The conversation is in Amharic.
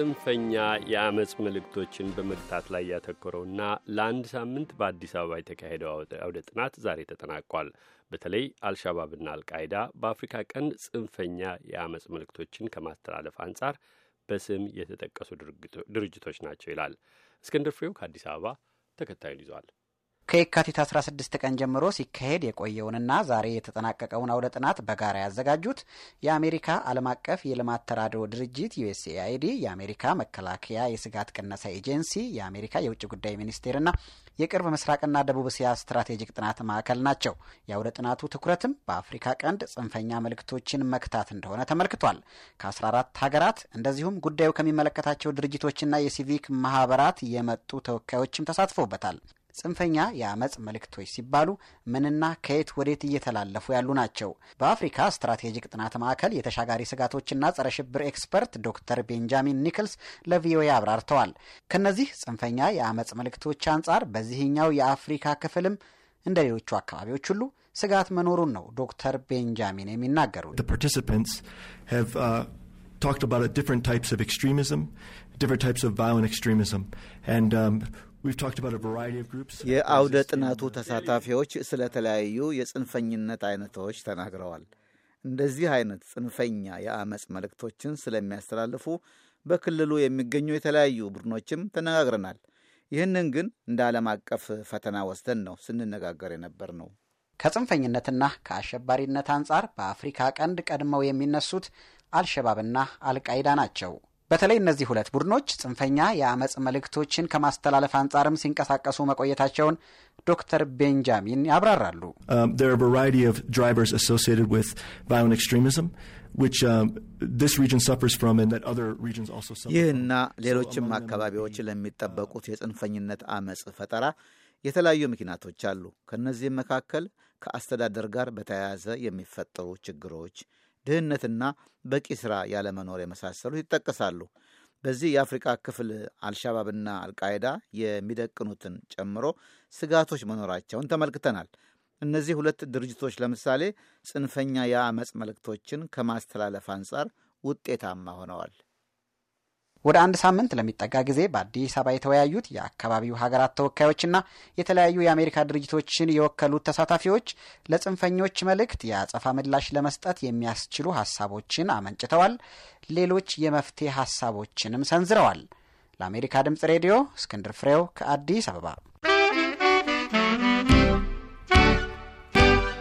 ጽንፈኛ የአመፅ ምልክቶችን በመግታት ላይ ያተኮረውና ለአንድ ሳምንት በአዲስ አበባ የተካሄደው አውደ ጥናት ዛሬ ተጠናቋል። በተለይ አልሻባብና አልቃይዳ በአፍሪካ ቀንድ ጽንፈኛ የአመፅ ምልክቶችን ከማስተላለፍ አንጻር በስም የተጠቀሱ ድርጅቶች ናቸው ይላል። እስክንድር ፍሬው ከአዲስ አበባ ተከታዩን ይዟል። ከየካቲት 16 ቀን ጀምሮ ሲካሄድ የቆየውንና ዛሬ የተጠናቀቀውን አውደ ጥናት በጋራ ያዘጋጁት የአሜሪካ ዓለም አቀፍ የልማት ተራድኦ ድርጅት ዩኤስኤአይዲ፣ የአሜሪካ መከላከያ የስጋት ቅነሳ ኤጀንሲ፣ የአሜሪካ የውጭ ጉዳይ ሚኒስቴርና የቅርብ ምስራቅና ደቡብ እስያ ስትራቴጂክ ጥናት ማዕከል ናቸው። የአውደ ጥናቱ ትኩረትም በአፍሪካ ቀንድ ጽንፈኛ መልእክቶችን መክታት እንደሆነ ተመልክቷል። ከ14 ሀገራት እንደዚሁም ጉዳዩ ከሚመለከታቸው ድርጅቶችና የሲቪክ ማህበራት የመጡ ተወካዮችም ተሳትፎበታል። ጽንፈኛ የአመፅ መልእክቶች ሲባሉ ምንና ከየት ወዴት እየተላለፉ ያሉ ናቸው? በአፍሪካ ስትራቴጂክ ጥናት ማዕከል የተሻጋሪ ስጋቶችና ጸረ ሽብር ኤክስፐርት ዶክተር ቤንጃሚን ኒክልስ ለቪኦኤ አብራርተዋል። ከእነዚህ ጽንፈኛ የአመፅ መልእክቶች አንጻር በዚህኛው የአፍሪካ ክፍልም እንደ ሌሎቹ አካባቢዎች ሁሉ ስጋት መኖሩን ነው ዶክተር ቤንጃሚን የሚናገሩት። talked about different types of extremism, different types of violent extremism, and um, የአውደ ጥናቱ ተሳታፊዎች ስለተለያዩ የጽንፈኝነት አይነቶች ተናግረዋል። እንደዚህ አይነት ጽንፈኛ የአመፅ መልእክቶችን ስለሚያስተላልፉ በክልሉ የሚገኙ የተለያዩ ቡድኖችም ተነጋግረናል። ይህንን ግን እንደ ዓለም አቀፍ ፈተና ወስደን ነው ስንነጋገር የነበር ነው። ከጽንፈኝነትና ከአሸባሪነት አንጻር በአፍሪካ ቀንድ ቀድመው የሚነሱት አልሸባብና አልቃይዳ ናቸው። በተለይ እነዚህ ሁለት ቡድኖች ጽንፈኛ የአመፅ መልእክቶችን ከማስተላለፍ አንጻርም ሲንቀሳቀሱ መቆየታቸውን ዶክተር ቤንጃሚን ያብራራሉ። um, uh, ይህና ሌሎችም አካባቢዎች ለሚጠበቁት የጽንፈኝነት አመፅ ፈጠራ የተለያዩ ምክንያቶች አሉ። ከእነዚህም መካከል ከአስተዳደር ጋር በተያያዘ የሚፈጠሩ ችግሮች ድህነትና በቂ ስራ ያለመኖር የመሳሰሉት ይጠቀሳሉ። በዚህ የአፍሪቃ ክፍል አልሻባብና አልቃይዳ የሚደቅኑትን ጨምሮ ስጋቶች መኖራቸውን ተመልክተናል። እነዚህ ሁለት ድርጅቶች ለምሳሌ ጽንፈኛ የአመፅ መልእክቶችን ከማስተላለፍ አንጻር ውጤታማ ሆነዋል። ወደ አንድ ሳምንት ለሚጠጋ ጊዜ በአዲስ አበባ የተወያዩት የአካባቢው ሀገራት ተወካዮችና የተለያዩ የአሜሪካ ድርጅቶችን የወከሉት ተሳታፊዎች ለጽንፈኞች መልእክት የአጸፋ ምላሽ ለመስጠት የሚያስችሉ ሀሳቦችን አመንጭተዋል። ሌሎች የመፍትሄ ሀሳቦችንም ሰንዝረዋል። ለአሜሪካ ድምጽ ሬዲዮ እስክንድር ፍሬው ከአዲስ አበባ